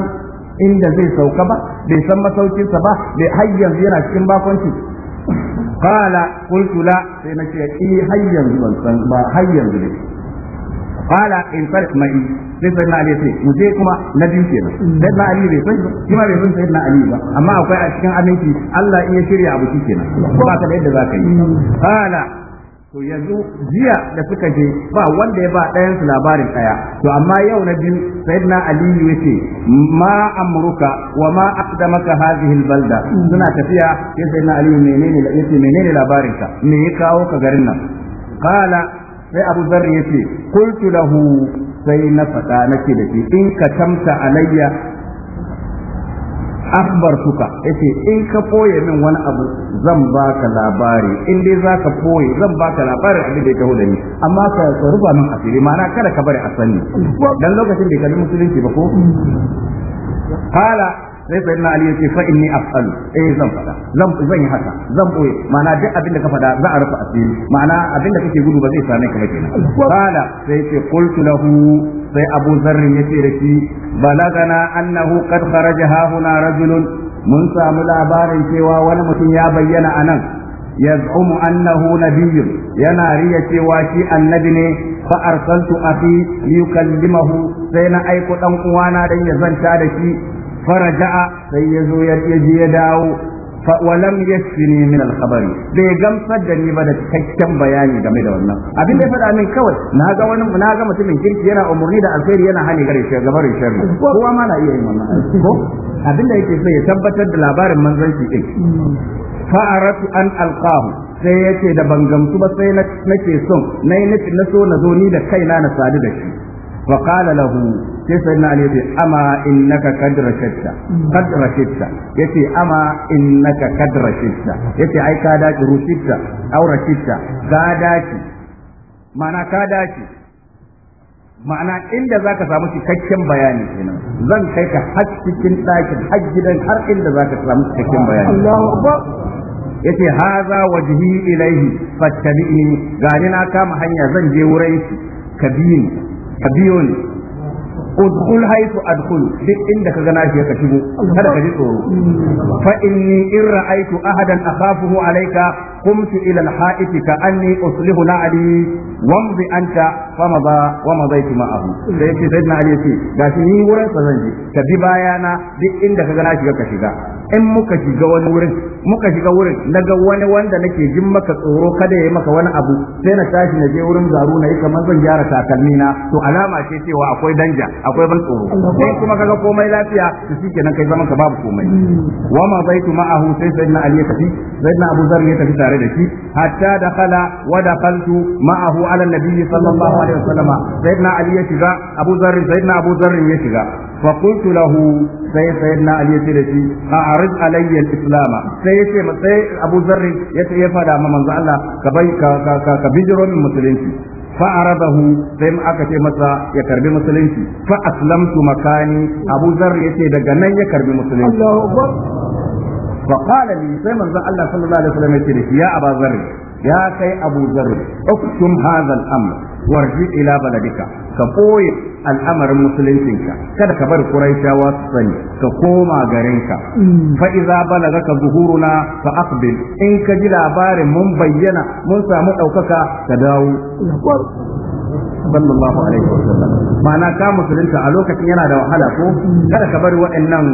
inda zai sauka ba bai san masaukinsa ba bai har yana cikin bakonci Bala qultu la sai na ce eh har ba har ne fala in farq mai sai sai na ali sai mu kuma na biyu kenan sai na ali bai san shi ma bai san sai na ali ba amma akwai a cikin aminci Allah in ya shirya abu shi kenan ba ka da yadda zaka yi Fala. to yanzu jiya da suka je ba wanda ya ba ɗayan su labarin ɗaya to amma yau na biyu sayyidina aliyu yace ma amruka wa ma aqdamaka hadhihi albalda suna tafiya sai sayyidina aliyu menene yace menene labarin ka me ya kawo ka garin nan qala sai abu zarri ya ce kultu lahu sai na faɗa nake da shi in ka tamta alayya akbar suka yace in ka boye min wani abu zan baka labari in dai za ka zan baka labarin abin da ya taho da ni amma ka rufa min asiri mana kada ka bari a sani dan lokacin da kalli musulunci ba ko kala sai sai na ali yace fa inni af'alu eh zan fada zan zan yi haka zan boye ma'ana duk abin da ka fada za a rufa asiri ma'ana abin da kake gudu ba zai same ka ba kenan qala sai ce qultu lahu sai abu zarr ce da shi balagana annahu qad kharaja hahuna rajulun mun samu labarin cewa wani mutum ya bayyana anan Annahu Yana riya cewa annabi ne fa arsaltu يناري شواشي sai na aiko dan uwana dan ya zanta da shi. faraja'a sai ya zo ya je ya dawo walam yakfini min al bai gamsar da ni ba da cikakken bayani game da wannan abin da ya faɗa min kawai na ga wani mutumin kirki yana umurni da alkhairi yana hani gare shi gabar sharri ma na iya yi wannan ko abin da yake so ya tabbatar da labarin manzanci ɗin. fa an alqahu sai yace da ban gamsu ba sai nake son na yi nufi na so na zo ni da kaina na sadu da shi wa qala sai sai na ne amma innaka kadra shatta kadra shitta. yace amma innaka kadra shitta. yace ai ka dace rushitta aura shatta ka dace ma'ana ka dace ma'ana inda zaka samu cikakken bayani kenan zan kai ka har cikin ɗakin har gidan har inda zaka samu cikakken bayani Allahu akbar yace haza wajhi ilaihi fattabi'ni gani na kama hanya zan je wurin shi biyo ni. udkhul haythu adkhul duk inda ka gana shi ka shigo kada ka ji tsoro fa inni in a kafu akhafuhu alaika. قمت إلى الحائط كأني أصلح نعلي وامضي أنت فمضى ومضيت معه سيدي سيدنا علي يتي gashi ni wurin sa zan je ka bi bayana duk inda ka gana shiga ka shiga in muka shiga wurin muka shiga wurin naga wani wanda nake jin maka tsoro kada yayi maka wani abu sai na tashi na je wurin zaru na yi kamar zan gyara takalmi na to alama ce cewa akwai danja akwai ban tsoro sai kuma kaga komai lafiya to shikenan kai zaman ka babu komai wa ma zaitu ma'ahu sai sayyidina ali ya tafi sayyidina abu zar ya tafi tare da shi hatta dakhala wa dakhaltu ma'ahu ala nabiyyi sallallahu alaihi wasallam sayyidina ali ya shiga abu zarri sayyidina abu zarri ya shiga fa qultu lahu sai sayyidina ali ya ce da shi a'rid alayya al-islam sai ya ce sai abu zarri ya ce ya fada ma manzo Allah ka bai ka ka ka bijiro min musulunci fa'aradahu sai aka ce masa ya karbi musulunci fa aslamtu makani abu zarri ce daga nan ya karbi musulunci فقال لي سيما الله صلى الله عليه وسلم يا أبا ذر يا كي أبو ذر اكتم هذا الأمر وارجع إلى بلدك كقوي الأمر مسلمتك كذا كبر قريش وصني كقوما غرينك فإذا بلغك ظهورنا فأقبل إن كجل أبار من بينا من سامت أو كك تداو sallallahu alaihi wasallam ma'ana ka musulunta a lokacin yana da wahala ko kada ka bari waɗannan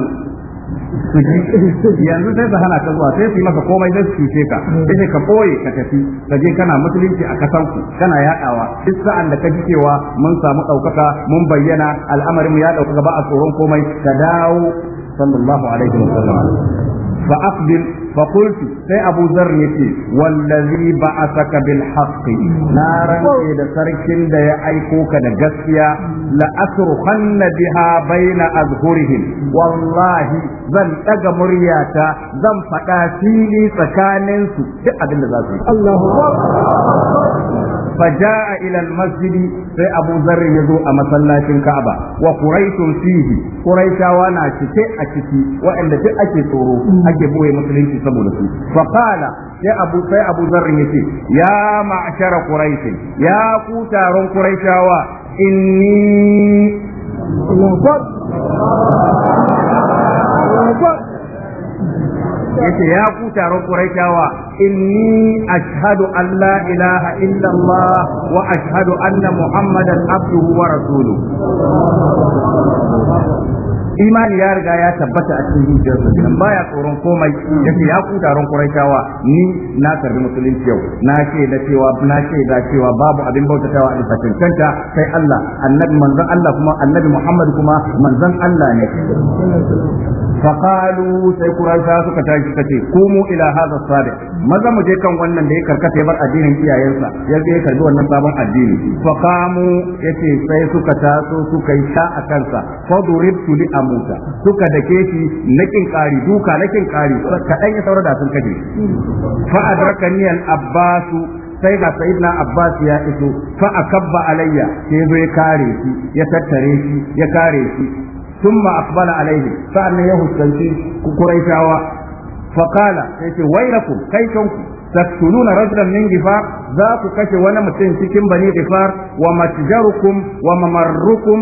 yanzu sai su hana ka zuwa sai su yi maka komai zai su cuce ka sai ka koye ka tafi ka je kana musulunci a kasanku kana yaɗawa duk sa'an da ka ji cewa mun samu ɗaukaka mun bayyana al'amarinmu ya ɗaukaka ba a tsoron komai ka dawo sallallahu alaihi wa sallam fa aqbil فقلت سي أبو ذر يتي والذي بعثك بالحق نارا إذا سركن دا يأيكوك دا جسيا لأسرخن بها بين أظهرهم والله زن تغ مرياتا زن فتاتيني سكانين سكتئ أبن الله أكبر faja'a ila almasjidi sai Abu Dharr ya a masallacin Ka'aba wa Quraysh fihi kuraisawa na cike a ciki waɗanda duk ake tsoro ake boye musulunci saboda su fa qala ya Abu sai Abu Dharr yace ya ma'shara Quraysh ya ku taron Quraysawa inni Allahu Akbar Allahu ya ku taron Quraysawa إني أشهد أن لا إله إلا الله وأشهد أن محمدا عبده ورسوله imani ya riga ya tabbata a cikin zuciyarsa kenan baya tsoron komai yace ya ku taron kuraitawa ni na karbi musulunci yau na ce da cewa na ce da cewa babu abin bautatawa a bisa cancanta sai Allah annabi manzon Allah kuma annabi Muhammad kuma manzon Allah ne faqalu sai Qurayshawa suka tashi kace kumu ila hadha sadiq maza mu je kan wannan da ya karkata ya bar addinin iyayensa ya je ya karbi wannan sabon addini fa qamu yace sai suka taso suka yi ta a kansa fa duribtu li amuta suka dake shi nakin kari duka nakin kari dan ya saura da sun kaje fa adrakani al abbasu sai ga sayyidina abbas ya iso fa akabba alayya sai zo ya kare shi ya tattare shi ya kare shi ثم أقبل عليه فأن يهو السنسي كريشاوة faqala yace waylakum kai kanku تقتلون رجلا من غفار ذاك كشي وانا متين cikin bani غفار ومتجركم وممركم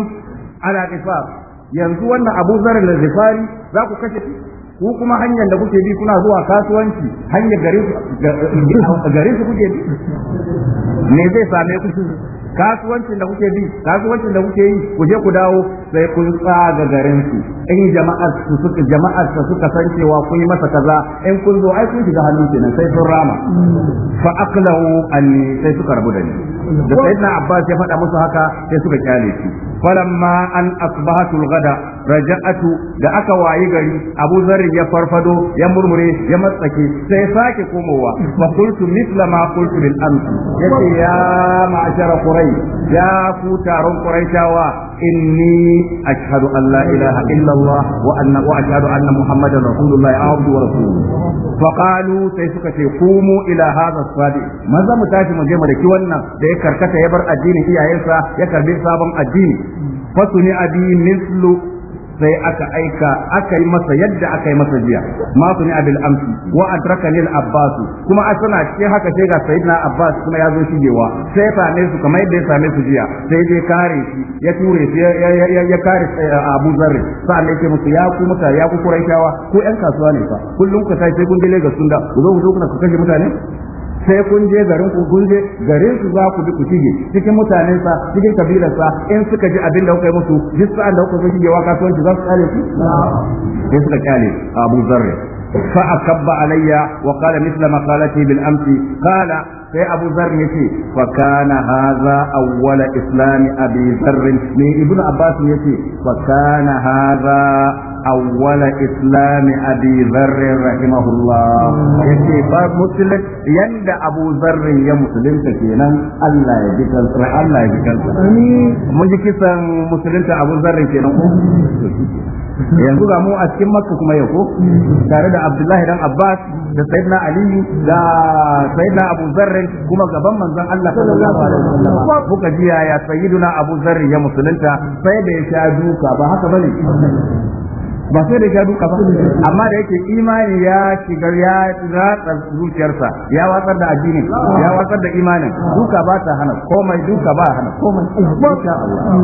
على غفار yanzu wannan Abu Zar al-Ghifari za ku kashe ku kuma hanyar da kuke bi kuna zuwa kasuwanci hanyar garin su kuke bi me zai same ku shi kasuwancin da kuke bi kasuwancin da kuke yi ku je ku dawo sai kun tsaga garin su in jama'ar su suka jama'ar su suka san cewa kun yi masa kaza in kun zo ai kun shiga hannun kenan sai sun rama fa aqlahu anni sai suka rabu da ni da sayyidina abbas ya faɗa musu haka sai suka kyale shi falamma an asbahatu alghada raja'atu da aka wayi gari abu zarri ya farfado ya murmure ya matsake sai sake komowa fa qultu mithla ma qultu lil amsi yace ya ma'ashara kurai ya fi taron kuraitawa inni ashhadu an la ilaha illallah wa wa ashhadu anna muhammadan rasulullahi abdu sai suka ce kumu ila hadha sadi maza mu tafi muje je mu daki wannan da ya karkata ya bar addinin iyayensa ya karbi sabon addini fasuni abi mislu sai aka aika aka yi masa yadda aka yi masa jiya masu ni abil amsi wa adraka lil abbas kuma a suna ce haka sai ga sayyidina abbas kuma ya zo shigewa sai ya same su kamar yadda ya same su jiya sai dai kare ya ture shi ya kare eh, abu zarri ne ke musu ya ku muka ya ku ko yan kasuwa ne fa kullum ku sai kun je ga sunda ku zo ku zo kuna ku kashe mutane sai kun je garin ku kun je garin su za ku bi ku shige cikin mutanen sa cikin kabilar sa in suka ji abin da kuka yi musu duk sa'an da kuka zo shigewa kasuwanci za su kyale ku sai suka kyale Abu Zarr fa akabba alayya wa qala mithla ma qalati bil amsi qala sai abu zar ne ce fa kana hadha awwala islami abi zar ne ibnu abbas yace ce fa kana hadha أول إسلام أبي abu رحمه الله يتي مسلم يند أبو ذر يا مسلم تكينا الله يجيك الله يجيك من جيك مسلم أبو ذر ko. yanzu ga mu a cikin makka kuma yau ko tare da abdullahi dan abbas da sayyidina ali da sayyidina abu zarri kuma gaban manzon allah sallallahu alaihi wasallam kuka ji ya sayyiduna abu zarri ya musulunta sai da ya sha duka ba haka bane ba sai da ya duka ba amma da yake imani ya shigar ya ratsa zuciyarsa ya watsar da addini ya watsar da imanin duka ba ta hana komai duka ba hana komai insha Allah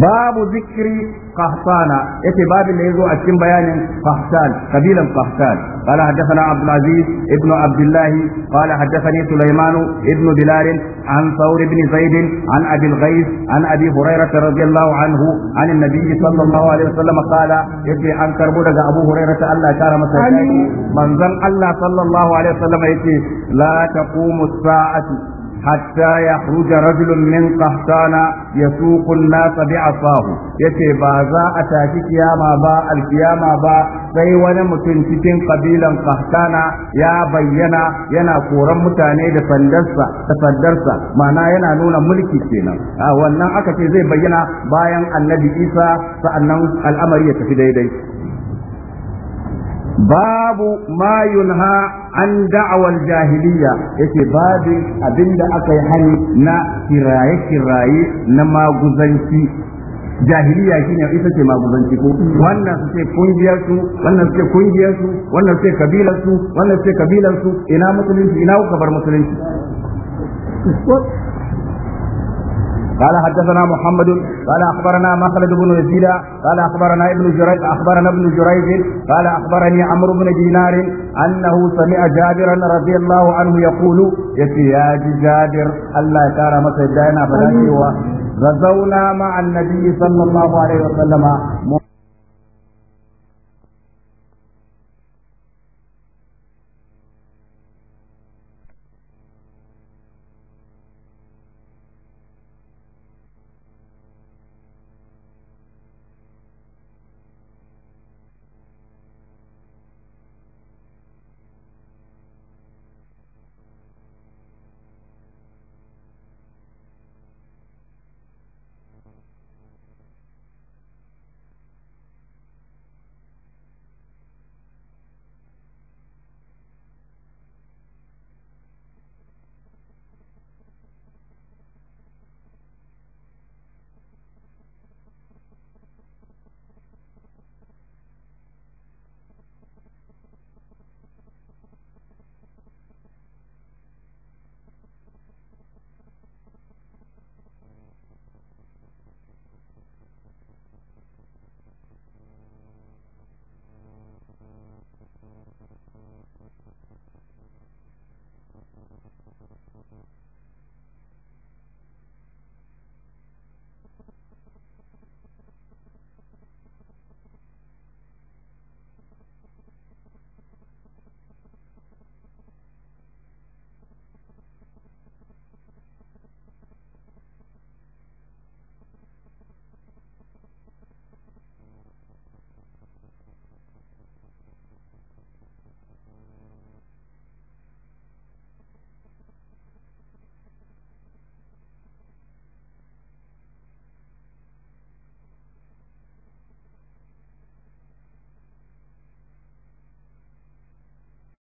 babu zikiri قحطان يتي باب اللي يزو أتشم بيان قحطان قبيلا قحطان قال حدثنا عبد العزيز ابن عبد الله قال حدثني سليمان ابن بلال عن ثور بن زيد عن أبي الغيث عن أبي هريرة رضي الله عنه عن النبي صلى الله عليه وسلم قال يتي عن كربودة أبو هريرة الله كان مسجد من ظن الله صلى الله عليه وسلم يتي لا تقوم الساعة hatta ya khruja rajulun ya su kunna an Afahu, bi'asahu yace ba za a tasi kiyama ba al-kiyama ba sai wani mutum cikin kabilan qahtana ya bayyana yana koran mutane da sandarsa da sandarsa ma'ana yana nuna mulki kenan a wannan aka ce zai bayyana bayan annabi Isa sa'annan al'amari ya tafi daidai babu ma yunha an da'awar jahiliya yake babin abinda aka yi hani na kiraye-kiraye na maguzanci jahiliya shine ita ce maguzanci ko wannan su ce kungiyar wannan su ce kungiyar wannan su ce kabilar wannan su ce kabilar ina musulunci ina kuka bar musulunci قال حدثنا محمد قال اخبرنا مخلد بن يزيد قال اخبرنا ابن جريج اخبرنا ابن جريج قال اخبرني عمرو بن دينار انه سمع جابرا رضي الله عنه يقول يا جابر الله يكرم مسجدنا فلا غزونا مع النبي صلى الله عليه وسلم